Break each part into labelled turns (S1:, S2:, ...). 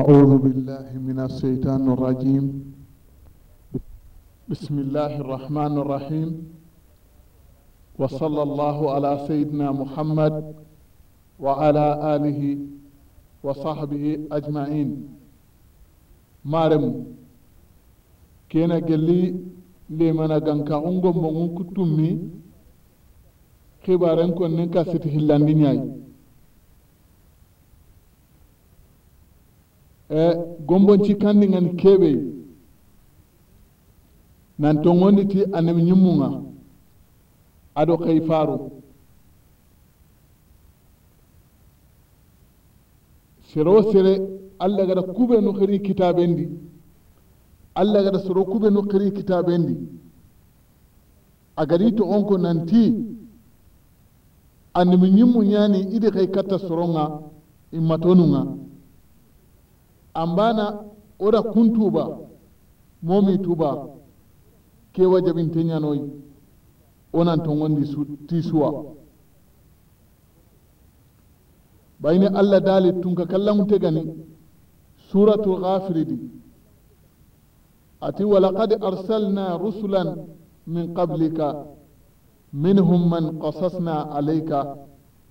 S1: أعوذ بالله من الشيطان الرجيم بسم الله الرحمن الرحيم وصلى الله على سيدنا محمد وعلى آله وصحبه أجمعين مارم كينا جلي لمن غنكا أنغم بمون خبارنكو ننكا ستهلان دنياي Eh, gombonci kan ngani kebe nan tongondi ti anabi ñimmunga ado kay faru sero sere allah gada kube no khiri kitabendi allah gada soro kube no khiri kitabendi a to onko nanti anem ñimmu ni ide kay katta soronga imatonunga ambana ora tuba momi tuba ke wajabin teñanoyi onan ton gondi tisuwa bai bayni allah ka kallon kallamute gani suratu ghafiri di ati walakad arsalna rusulan min qablika minhum man qasasna alayka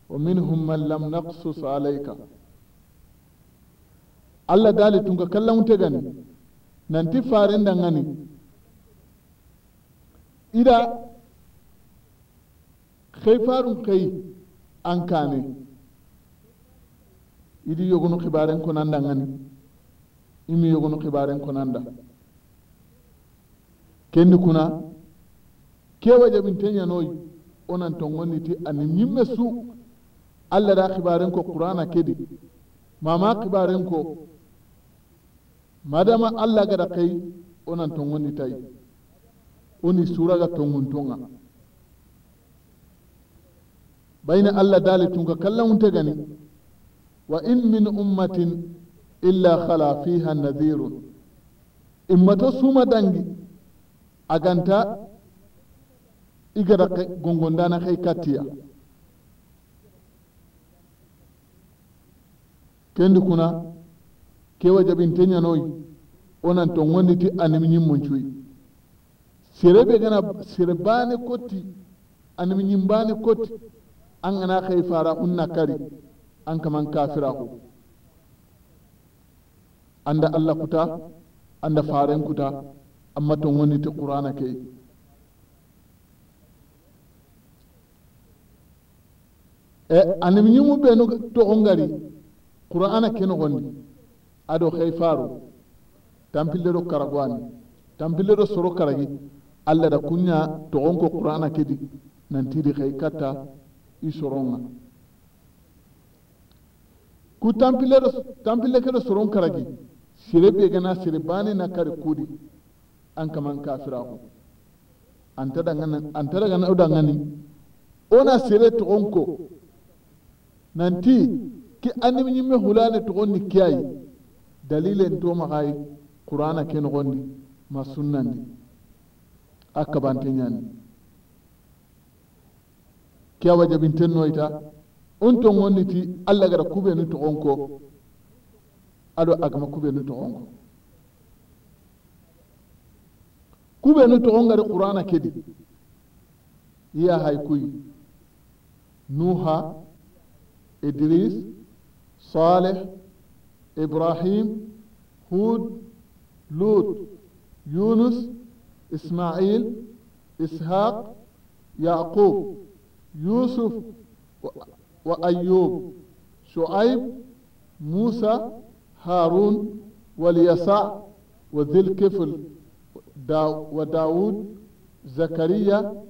S1: wa minhum man lam naqsus alayka allah dali kallon wuta gani ti farin da gani ida kai farin kai an kane idi yogunu kibaren da gani imi yogunu kibaren konanda kendi kuna kewa jabin tenya noyi onan tongoni ti ani nyimme su allah da kibaren ko qur'ana kedi mama kibarin ko madama allah gada kai onan tongondi tay oni suraga tonguntonga Baina allah dali kallon kallawunte gani wa in min ummatin illa khala fiha nadirun immato suma dangi aganta igada gongondana kai katiya. kendi kuna kewa jabin tenya noi onan to ngonditi animi nyim mon cuy be gana bane koti animi nyim bane koti, an ana kai fara unna kari an kaman kafira ko anda allah kuta anda faren kuta amma to ti qur'ana ke e mu nyimu no to ngari qur'ana kenogondi ado hayfaro tampille do karagwani tampille do soro karagi allah da kunya onko qur'ana kedi di hay katta i soronga ku tampille do tampille kedo soron karagi sire be gana sire bane na kare kudi an kaman kafira ko anta daga nan anta daga nan o daga ni ona sire onko nanti ki andim ñimme hulane toxondi kiyayi dalilen to maxayi qur'ana ke noxondi ma sunnandi a kabante ñani wajabin ten noita noyta on to gonniti allah gara kuɓenu toxon ko aɗo agama kuɓenu toxon ko kuɓenu toxon gari qur'ana kedi iya hay kuy nuha idris صالح إبراهيم هود لوط يونس إسماعيل إسحاق يعقوب يوسف وأيوب شعيب موسى هارون واليسع وذي الكفل وداود زكريا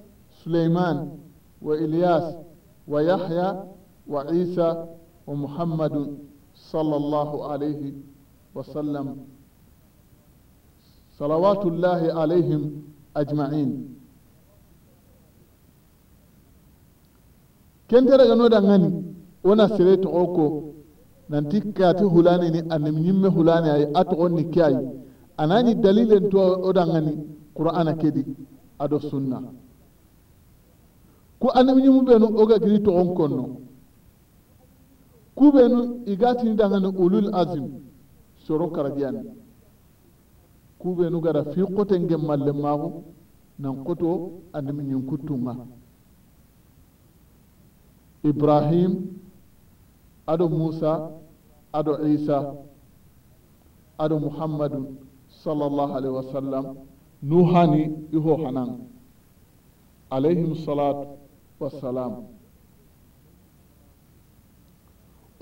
S1: سليمان وإلياس ويحيى وعيسى ومحمد صلى الله عليه وسلم صلوات الله عليهم أجمعين كنت رغنو دغني ونا سريت اوكو nanti kati hulani ni anim ñimme hulani ay atogon ni ke ay anani dalilen to o dangani qur'ana kedi ado sunna ko anim ñimu benu oga giri togon kubenu igatini dangani ulul azim soro karagiyani kubenu gara fi koten gen malle mago nan koto andimi ñin kuttunga ibrahim ado musa ado isa ado muhammadu sallallahu alaihi wasallam nuhani iho hanan alayhim salatu wassalam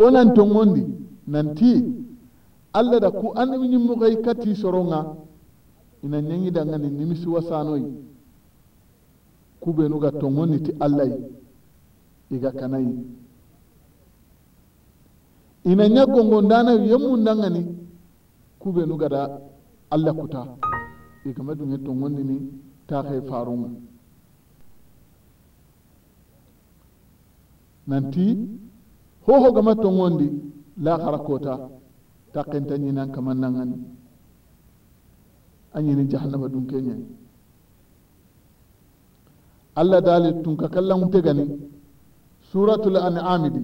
S1: onan tongondi nanti alla da ku annabi ñimmuxoy kati soronga ina ñangidangani nimisi be nuga tongondi ti allayi iga kanai, ina ña ku be nuga da alla kuta igama ni ta kai farunga nanti hoho gama tongondi lahara kota taqinta ñinan kaman an a ñini jahannama dun keñani allah dali tun ka kallanŋute gani suratul an'ami di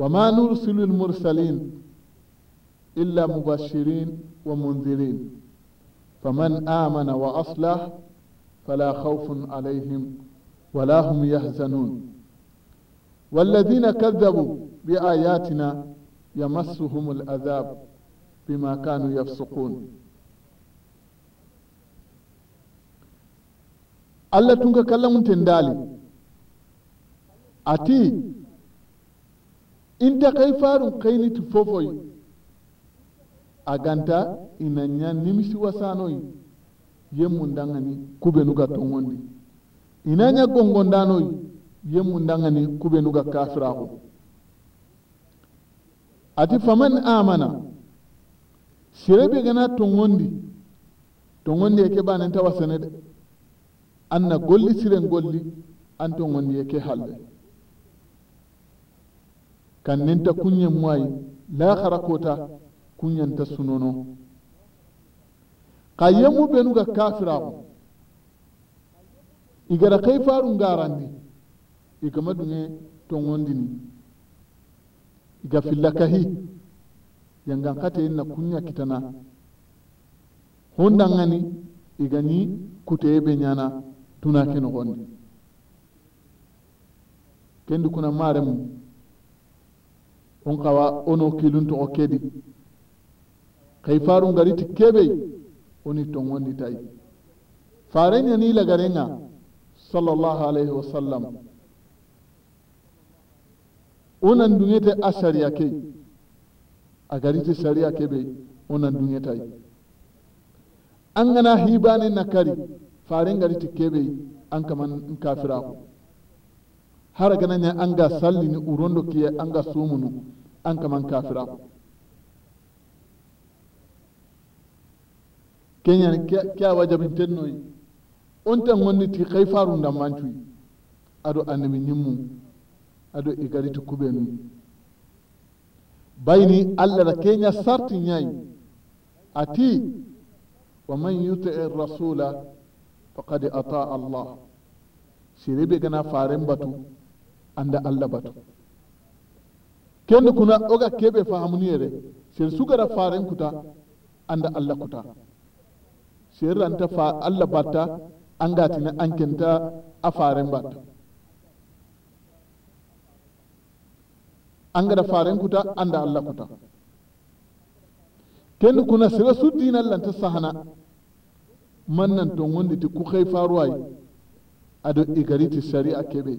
S1: wama nursilu mursalin illa mubashirin wa mundirin faman amana wa aslah fala khawfun alayhim wala hum yahzanun walladhina kadhabu biayatina yamassuhum ladhab bima kanu yafsukun allah tunga kallamunten daali ati inta kay faarun kayniti fofoy a ganta ina ɲa nimisi wasanoyi yemmun dangani kubenu ga tongondi ina ɲa gongondanoyi yemmundangani kubenuga kafiraku ati faman amana sirebe gana tongondi tongondi yake bananta wasene de anna golli siren golli an tongondi yake halle kan ta kunyen muwayi la kunyen ta sunono ka benuga kafira kafiraku igara farun garandi igama duŋe toŋondini iga filla kahi yangan kateyin na kunya kitana gani igani kuteye be ɲana tuna ke nogondi kendi kuna maremu on kawa ono kilun togo kedi kaifarun gari ti kebe oni toŋondi tayi fare ɲani lagarenŋa sallallahu alaihi wasallam onan duŋete a shari'a ke a gariti sariya kebe ta yi an gana ne na kari farin ke kebe an kama kafira ku har gana ne an ga salli ni urondo ke an ga sumunu an kama kafira ku kenya kya wajabin tennoyi on tan wonni kai kaifarun da mancuyi ado annabi mu. Ado égalite kuɓe mi bayni allah ra kenya sarti ñayi ati wa man yutii er rasula faqad ata allah sirebe gana faren batu anda allah batu kendi kuna oga kebe fahamuni yere sir sugara faren kuta anda allah kuta sir anta fa allah batta angatina ankenta a faren batta An gada faren kuta an da allah kuta ten kuna sira su dinallanta sahana man nan ton wonditi ku a faruwayi igari ta sharia keɓe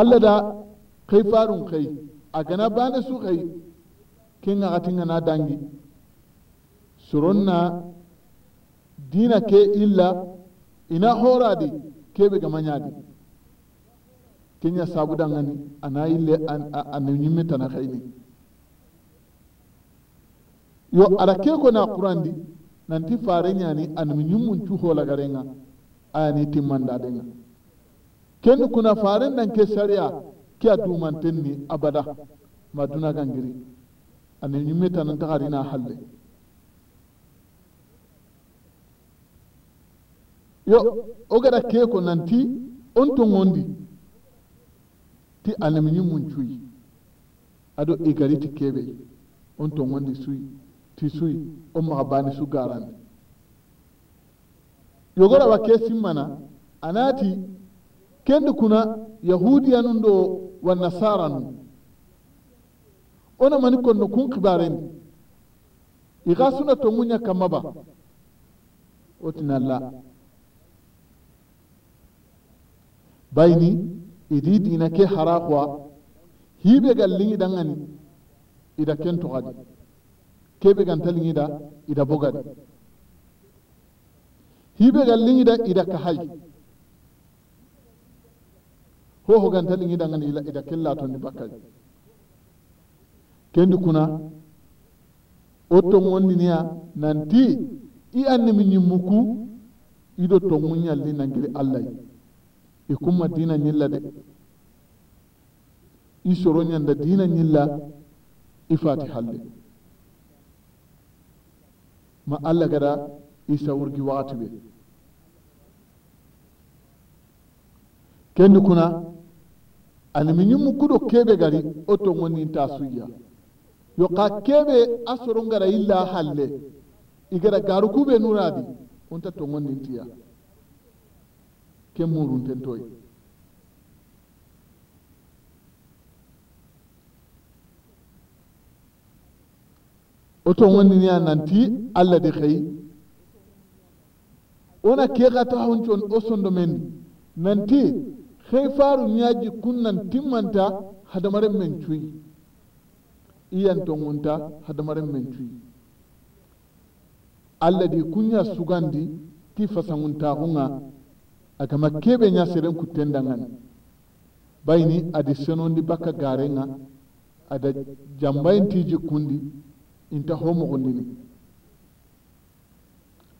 S1: allah da kai farun kai a gana bane su kay ken axatinga na dangi soron dina ke illa ina horadi kebe gama ñaadi kenya sabu dangani ana yille ana ñimme tana xeyni
S2: yo ada ke ko na qurandi
S1: nanti fare ñani anami ñimmun cuholagarenga ayani timmandadenga ken kuna faren dan ke sariya ke a dumanten ni abada ma duna gangiri ani ñimme tana taxarina halle yo o gada ke ko nanti on to ngondi ti alamni mun cuyi ado igari ti kebe on ton wandi suyi ti suyi on maga bani su garande yogora wa ke simmana anati kendi kuna yahudiya nun do wa nasara nun ona mani konno kun kibarendi iga suna tongunya kamaba otinalla bayni idi dina ke harakuwa hibe gallin idan ani ida kento gadi kebe gantalin ida ida bogadi hibe gallin ida ida kahai ho ho gantalin ida ngani ila ida kella to ni bakkaj kendi kuna otto niya nanti i anni mi nyimmuku ido to munyalli nangiri allah yi i kumma dina ñilla de i soro ñanda dina ñilla i fati halle ma allah gada i sawurgi wakati be kendi kuna animiñin kudo kebe gari o tongonin ta suya yo ka kebe a soro ngara illa halle i gara garukuɓe nuradi onta tongonintiya ken morun tentoy oto wani a nanti allah di xeyi wona ke xa taxuncon o sondo men nanti xey faaru ñaaji kun nan timmanta hadamaren men cuy iyantongunta hadamaren men cuy allah di kunya sugandi ti fasanguntaxunga agama kebe nya seren kutenda ngani bayini adi senondi baka gare nga ada jambayin tiji kundi ta ho ne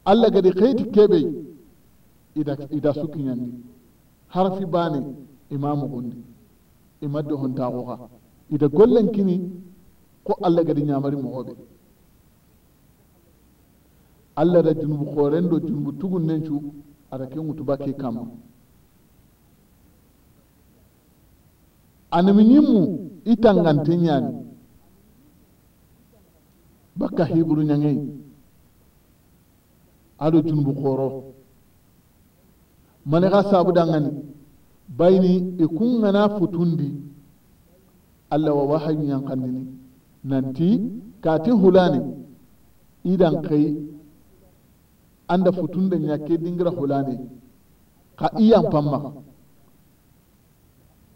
S2: allah gadi keyti kebe
S1: ida, ida ne harfi ma ima ta ima i ida gollen kini ko allah gadi ñamari moxoɓe allah da junubu xoren do junubu tugun nencu aɗa ke ita ke kamma ne baka i tangante ñaani bakka hibru ñaŋeyi mani junubu sabu mane xa saabu dangani bayni i kuŋŋana futundi allah wa wahayu ñankandini nanti hula hulani idan kai anda futunde ñakke dingira hulani ka iyan pamma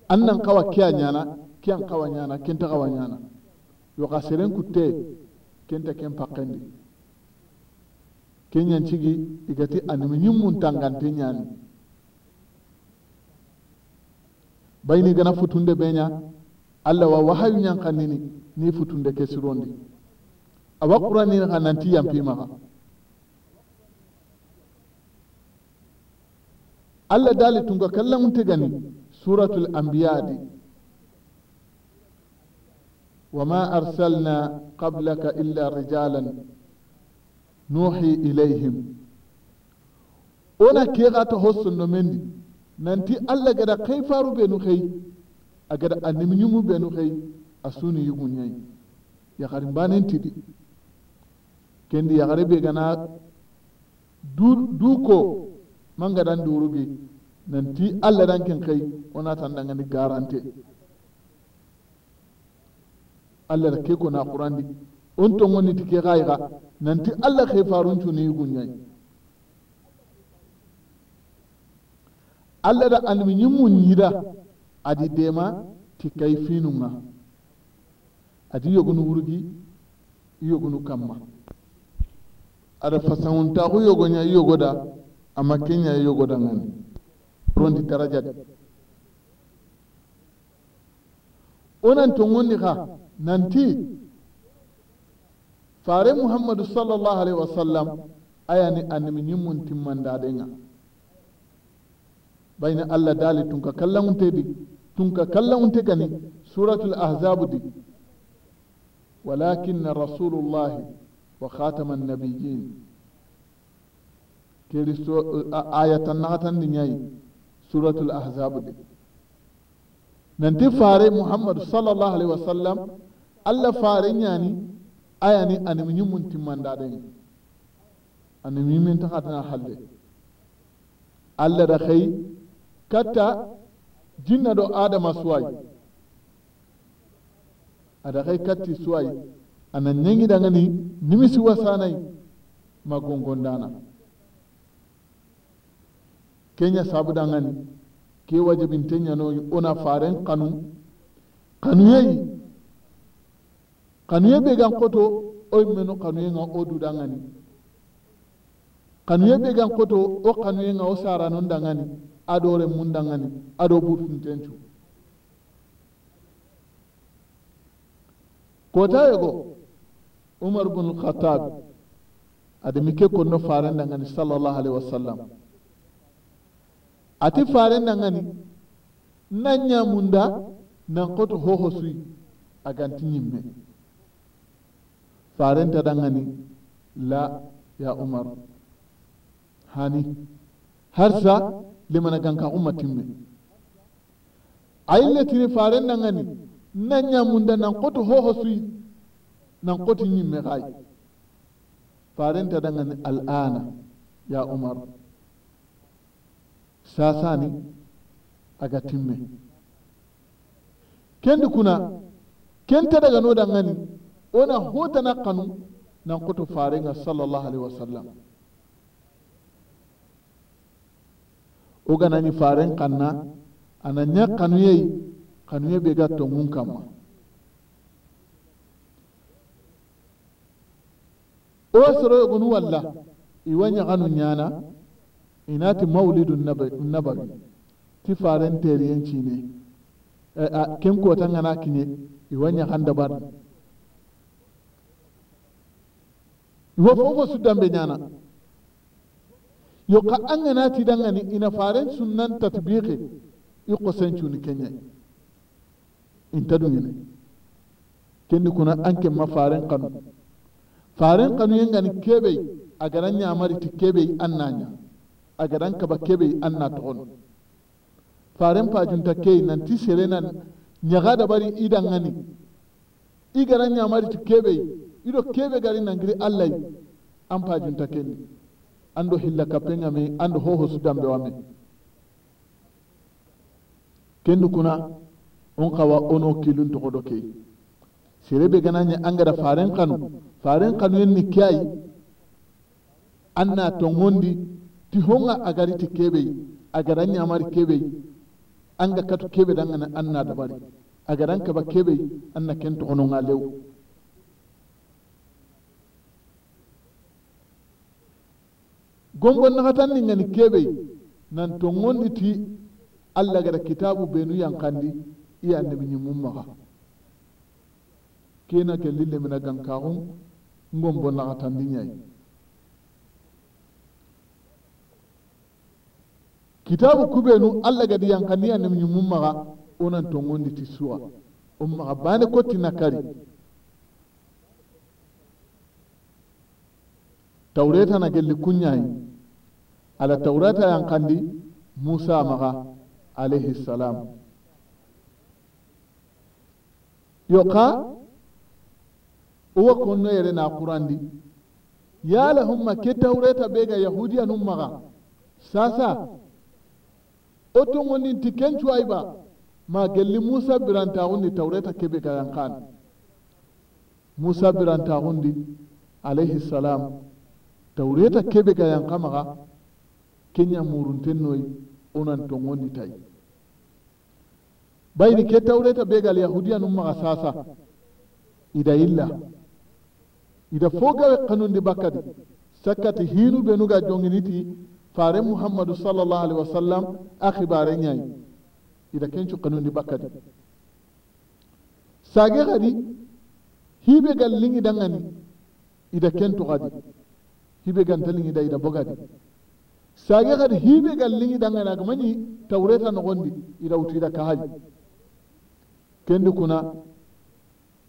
S1: an kawa kiya ñana kiyan kawa ñana kenta kawa ñana yoka seren kutte kenta ken pakkendi kenyan ñancigi igati animi mun tangante ñani bayni gana futunde be ña wa wahayu ñankannini ni futunde ke sirondi awa qurani xa nanti yampimaxa allah dali tunga kallan unte gani suratul anbiya di wama arsalna qablaka illa rijalan nuhi ilaihim ona kexata ho sonno mendi nanti allah gada kai faru benu xey a gada a nimñumu benu xey a suni yuguñayi ba mbanen tidi, kendi ya be gana du, du ko mangadan durugi nanti allah dan kin kai ona tan dangani garante allah da ke ko na qurandi on to ngoni tike gaiga nanti allah kai farun cuni gunyai allah da min yimun yida adi dema tikai finunga adi yogunu wurugi yogunu kamma ada fasawuntaku yogonya yogoda amma kenya ya yogoda ngani rondi darajat onan to gondi ha nanti fare muhammadu sallallahu alaihi wasallam ayani annabi ñimmun timmandaɗenga bayna allah daali tunka kallagunte di tunka kallagunte gani suratul ahzabu di walakinna rasulullahi wa khatama annabiyin kiristo ayatan hatan ni ñayi suratul ahzab de nanti fare muhammadu sallallahu alaihi wasallam
S2: allah fare
S1: ñani ayani de ñimmun timmandaɗen min yimin taxatana halle allah da khay katta jinna do adama aswai ada khay katti suwayi ana ñangidangani nimisi wasanai ma kenya sabu dangani ke wajibinte ñanoyi ona faren kanu kanuyeyi kanuye be gan koto oy meno kanuye nga Odu dangani. kanuye be gan koto o kanuye nga o saranon dangani aɗo remmun dangani Ado aɗo ɓurtuntencu kota yego umar bnulkhatab adami ke konno faren dangani sallallahu alaihi wasallam ati faren gani, nan ñamunda nan koto hoho suyi aganti ta da gani la ya umar hani harsa limana ganka umma timme yi tiri faren gani nan ñamunda nan koto hoho suyi nan koto faren ta farenta gani al'ana ya umar sasani aga timme kendi kuna kenta daga no dangani ona na kanu nan kutu farenga sallallahu alaihi wasallam o ganani faren kanna kanu ɲa kanuyeyi kanuye be ga tongun o soro gunu walla iwanya kanu nyana. inati maulidun nabawi ti faren teriyanci ne e, a kin kotan ana kine ya handa bar wo fofo su dambe nyana yo ka an gana ti dangani ina faren sunnan tatbiqi i qosen cuni kenya in ta dunyane kenni kuna an ken ma faren kanu faren kanu yengani kebe a garan mari ti kebe an nanya a fajin ta kebe nan ti faren nan kei ga da bari idan idangani i garan mari ñamariti kebe ido kebe gari giri allai an ke ni an do hilla kappenga me hoho hohosu dambe wame kendu kuna on kawa ono kilun togodo kei serebe an gada faren kanu faren kanu yin ni keayi an na tongondi ti honga agari ti kebe agara nyamar kebe anga katu kebe danga anna dabari agaran kaba kebe na kento ononga lew gombo nakatan ni ngani kebe nan to ngondi ti alla gara kitabu benu kandi iya annabi mumma ha kena kelli na gankaxun ngombo ni ñayi kitabu kubenu alla gadi yankaniya nem ñimmum maxa onan tongondi ti suwa o maxa bane na kari tawretana gelli kunñayi ala tawrata yankandi musa maxa alayhi salam yoka uwa konno yere na qurandi yala humma ke tawreta bega yahudiya num maxa sasa oton woni ti kencu ayba ma gelli musa birantaxundi tawreta kebe kayan kan musa birantaxundi alayhi salam tawreta kebe kayan maka kenya murunten noyi onan tongondi tay bayni ke tawreta begal yahudiya num maxa sasa ida illa ida fo gawe kanundi bakkadi sakkati hinu benuga jonginiti faren muhammadu sallallahu alaihi wasallam akhibaren yayi ida kencu kanuni bakadi sage gadi hibe gallingi dangani ida kentu gadi hibe gantalingi da ida bogadi sage gadi hibe gallingi dangani agamani taureta nogondi ida utu ida kahaji kendi kuna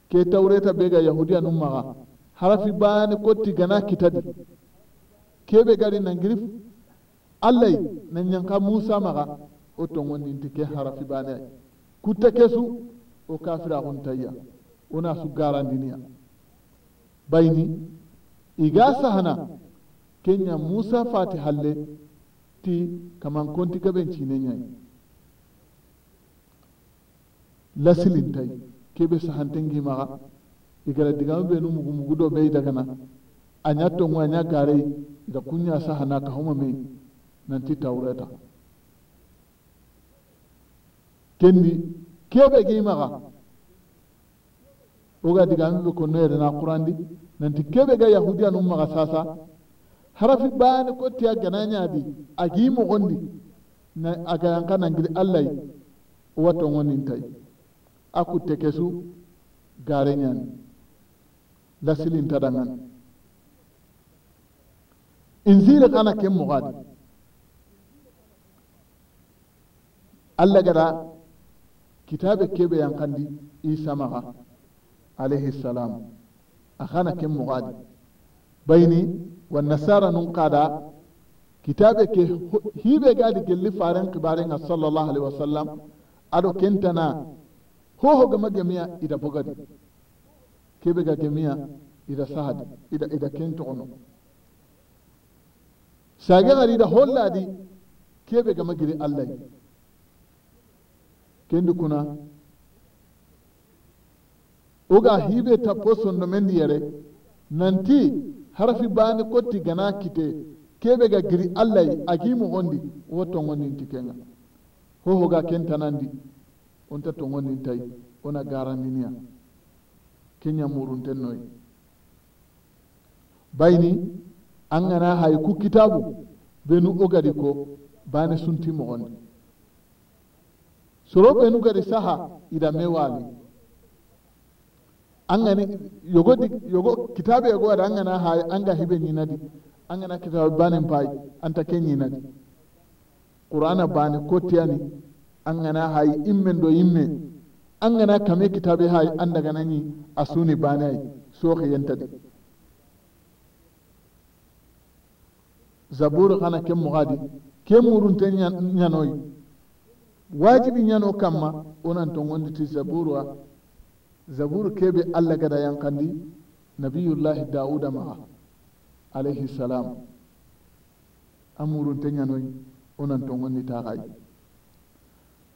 S1: ke taureta bega yahudiya nummaga harafi bayani kotti gana kitadi kebe gari nangirif allai na ñanka musa maxa wo ni ke harafi bane ku ta kesu wo tayya wona su garandiniya bayni iga sahana kenya musa fati halle ti kaman konti gaben cine ñayi lasilintay kebe sahantengi maga igara digama benu mugu mugu do be daga na a tongo a gare da kunya sahana sahana homa me nanti tawreta kendi kebe gi maga oga diga nulu ko noyere na qurandi nanti kebe ga yahudiya num maga sasa harafi bani ko tiya gananya di agi mo gondi na aga yanka nangiri allah wato ngonin tai aku tekesu garenyan lasilin tadangan inzira kana kem mugadi allah gada kitabe kebe kandi isa maga alaihi salam a kana ken bai bayni wa nasara nun kada kitabe ke hibe gadi gelli faren kibarin a sallallahu alaihi wasallam ado kentana hoho gama gemiya ida ke kebe ga gemiya ida sahadi ida ida kentogono sage gari da holladi kebe gama giri allai. kendi kuna oga hibe ta tappo sondo mendi yere nanti harfi bani kotti gana kite kebe ga giri allahi agimu hondi wo tongoninti kenga hohoga kentanandi onta tongonintai ona garandiniya kenya murunten noi bayni an gana haiku kitabu benu ogadi ko bani sun sunti mogondi yi nuka da saha ida mewali angani yogo di, yogo da an gana hayi an ga hibe nyinadi angana kitabe banen pai ta ken nyinadi qur'ana bani ko an gana angana in min do an gana kame kitabu kitabe hay anda ganani asuni bane ay sohi yentadi Zaburu kana kem mugadi kem murun ta nyanoyi wajibi ñano kamma onan to gonditi zaburu a zaburu bi allah gada yankandi nabiyullahi dauda ma alaihi salam amurunte ñanoyi onan to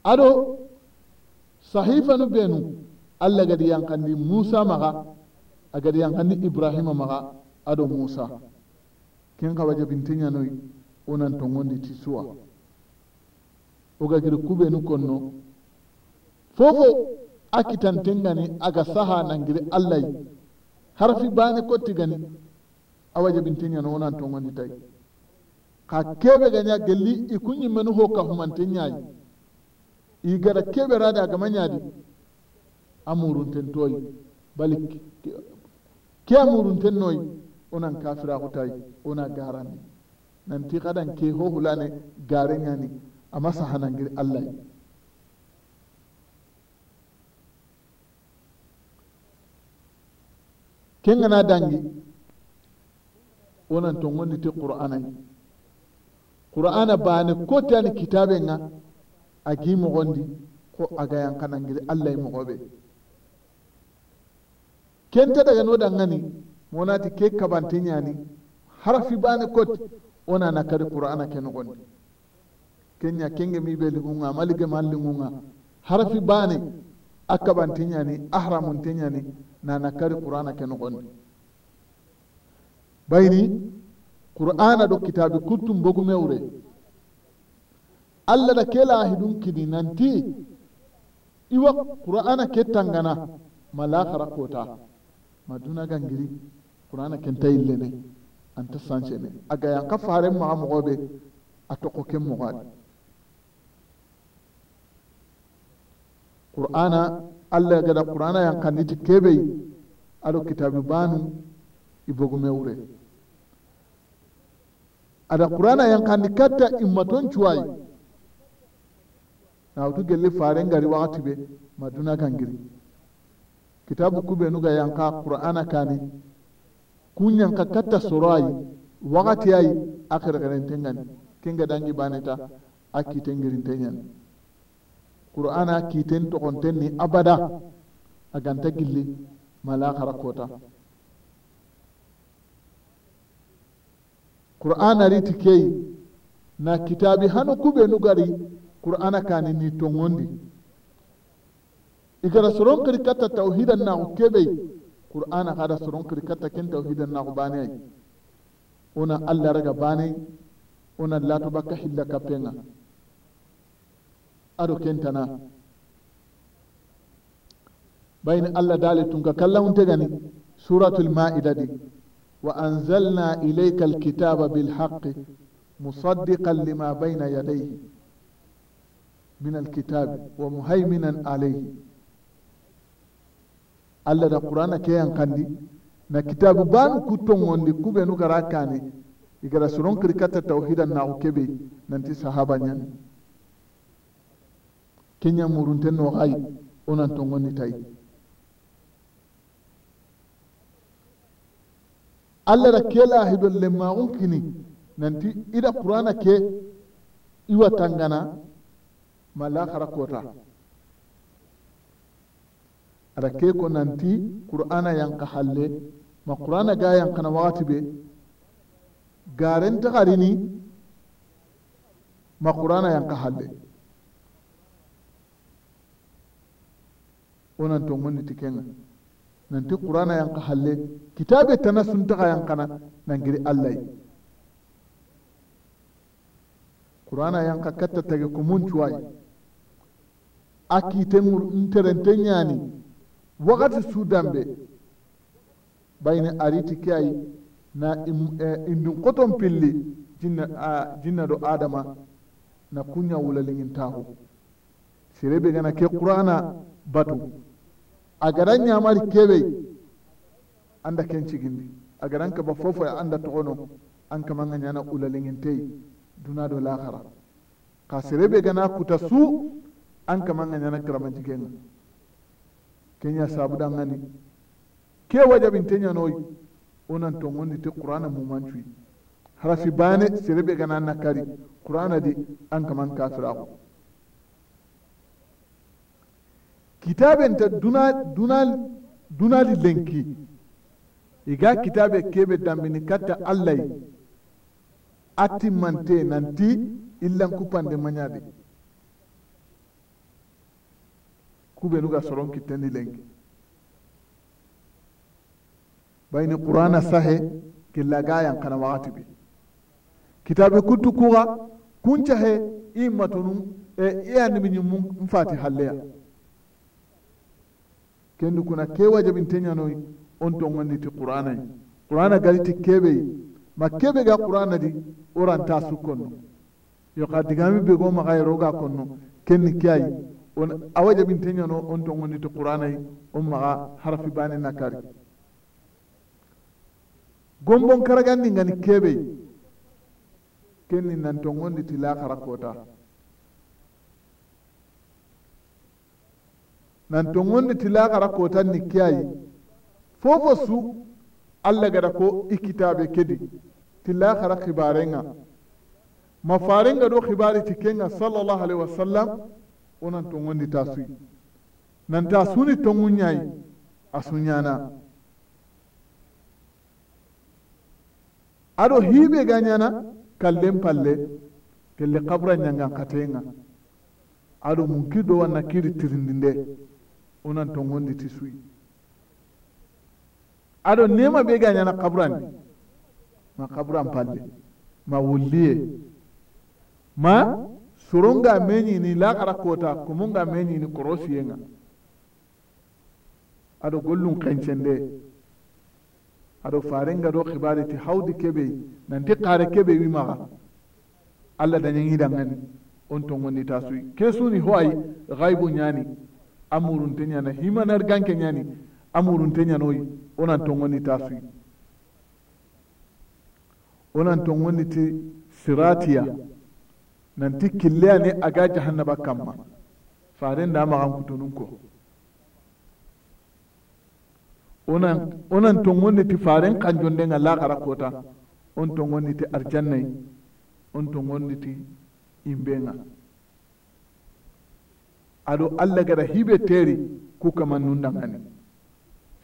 S1: Ado sahifa nu benu allah gadi yankandi musa maxa a gadi yankandi ibrahima maxa Ado musa kin ken xa wajabinte ñanoyi onan wanda ti suwa oga kube kubenu konno fofo gani aga saha nangiri allai harfi bane kottigani awa jabintingani wonan tongoni tay ka kebe ganya gelli i kuñimmenu ho ka humante nyai i gara kebe rada agama ñaadi amurunten toyi bali ke amurunten noyi onan kafira hutai ona garandi nanti kadan ke ho hulane gare ñani a masa hannun Allah kin gana dangi wani ta ƙura'ana ti ƙura'ana ba ni ko kita bai nga gi mo gondi ko aga nan kanangiri Allah yi gobe ken ta daga no muna ta ke ba ni harafi bani kot ona nakari qur'ana ken gondi kenya kenge mi be lingunga malige mal lingunga harafi bane akabantinyani ahramuntinyani na nakari qur'ana ke nogondi bayni qur'ana do kitabi kuttum bogu mewre allah da kela hidun kini nanti iwa qur'ana ke tangana malakara kota maduna gangiri qur'ana kenta illene anta ne aga yanka kafare mu mogoɓe a toko ken qur'ana allah gada qur'ana yankanditi keɓey aɗo kitabu banu i bogume ada qur'ana yankandi katta immaton cuwayi nawtu gelli faren gari wakati be maduna kangiri kitabu kube nuga yanka qur'ana kani kun katta soro wakati ayi a kerkerenten gani kenga dangi baneta a kiten qur'ana kiten togonten ni abada aganta gilli mala kota qur'ana riti keyi na kitabi kube kubenu gari qur'ana kani ni tongondi igara soron kiri katta tawhidan naku kebei qur'ana kada soron kiri katta ken tawhidan naku baneyai una allah raga banei una latubakka hilla kappenga aɗo kentana bayni allah daali tun ka kallahun tegani suratul maida di wa anzalna ilayka bil bilhaqi musaddiqan lima bayna yadayhi min alkitabi wa muhaiminan alayhi allah da qur'ana keyan kandi na kitabu banu kuttongondi kuɓenu gara kani igara soron kirkata tauhidan naku keɓe nanti sahaba ñani kenya murunten no xay onan tongoni tay allah ra ke lahidol le maxun kini nanti ida qur'ana ke iwa tangana ma laxara kota ada ke ko nanti qur'ana yanka halle ma qur'ana ga yankana waxati be garentaxarini ma qur'ana yanka halle onan tongoni ti kenga nanti qur'ana yanka halle kitabe tana suntaga yankana nangiri allahi qur'ana yanka katta tage kumuncuwayi a kitenŋuru nterente ɲani wakati sudanbe bayini ariti ke ayi na e, indu koton pilli jinna do adama na kunya wulaliŋintahu sirebe gana ke qur'ana batu a agaran ñamari kebe anda da kenci gindi a garan anda toxono an nyana ñana ulalingintey duna do laxara ka sirebe gana kuta su an kamanga ñana karamantikenga kenya sabudangani ke wajabinte ñanoyi onan tongondi te qur'ana mumancuyi harafi bane sirebe gana nakari kurana di an kaman kafiraxu kitabenta duna duna dunali lenki iga kitabe kebe dambini katta allayi atti mante nanti illan kupande mañade kuɓenuga soron kittandi lenki bayni qur'ana sahe gillaga yankana wakati ɓe kitabe kuttu kuxa kuncahe i matunum e i e annibiñimmum n fati halleya kendi kuna ke wajabinteñanoyi on ton wanditi qur'anayi qur'ana galiti keɓeyi ma keɓe ga qur'ana di oranta sukkonno yo ka digami bego maxa yeroga konno kenni ke ayi on a wajabinteñano on ton wanditi qur'anayi on maxa harafi bane na kari gombon karagandi ngani keɓeyi kenni nan ton wonditi la kota nan ton wani tilakara ko tan ni fofo su allah gada ko ikita bai kedi tilakara kibarenga ma farenga ɗo kibari ti kenga sallallahu alaihi wasallam onan ton wani ta suyi nan ta suni tun ñayi a suñana aɗo hibe ga ñana kallen palle kelle kabra nga, katenga aɗo mun kiɗo wanna kiɗi tirindi nde unan to gondi ti suyi ado nema ganya na kaburandi ma kaburan palle ma wulliye ma soronga meñini lakara kota kumunga meñini korosiyenga ado gollum kencende ado farenga do khibari ti hawdi keɓey nanti kebe wi wimaxa allah dangane. on tongondita suy ke Kesuni ho ay xaybu ñani amurunte ñana himanar ganke ñani amurunte ñanoyi onan tongoni ta suyi onan tongoni ti siratiya nanti killeyani aga jahannaba kamma faren da maxan kutunun ko onan onan tongoni ti faren nga lakara kota on tongoni ti yi on tongoni ti imbenga Ado allah gada hiɓe teeri kukaman nundan ani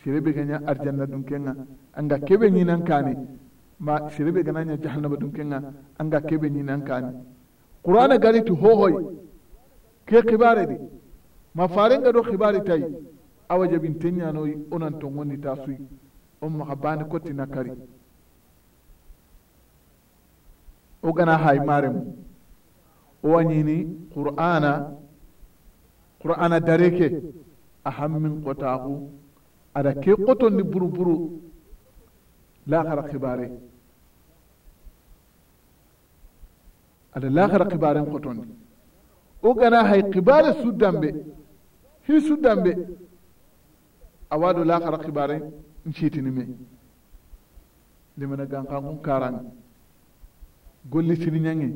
S1: serebe ganya arjanna dun kenga anga ni nan kani ma serebe ganaña jahannaba dun kenga anga ni nan kani qur'ana gari tu hohoy ke khibare di ma farenga ɗo xibari tay bin tenya no onan to gondita ta sui um bani kottina kari o gana hay maremu o wañini qur'ana qur'ana ke, a hammin a da ke ni buru buru lahara kibare da lahara kibaren ni o gana hay kibare dambe hi dambe, a waɗo lahara kibare nciitinime limana gankan kun karan, golli siri ñange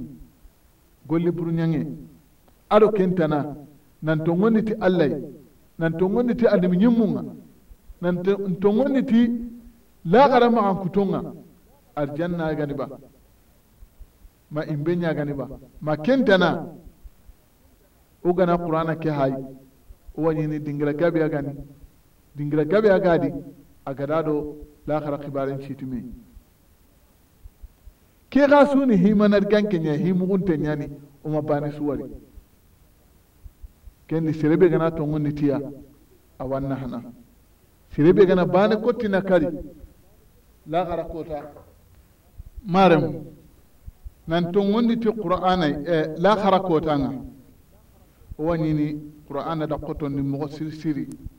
S1: golli buru ñange ado kentana nan tongoni ti allai nan tongoni ti adam nyimmunga nan wani ti la garama an gani ba ma imbe gani ba ma kentana o gana qur'ana ke hay o wanyini dingira gabe agani dingira gabe agadi agada do la khibarin chitumi ke ga suni himanar ganke nya himu nyani o ma bani suwari kendi serebe gana tongundi tiya wanna hana serebe gana bane na kari lagara kota marem nan tongundi ti qur'ana eh, kota kotanga owa ni qur'ana da koton mogo sirsiri siri.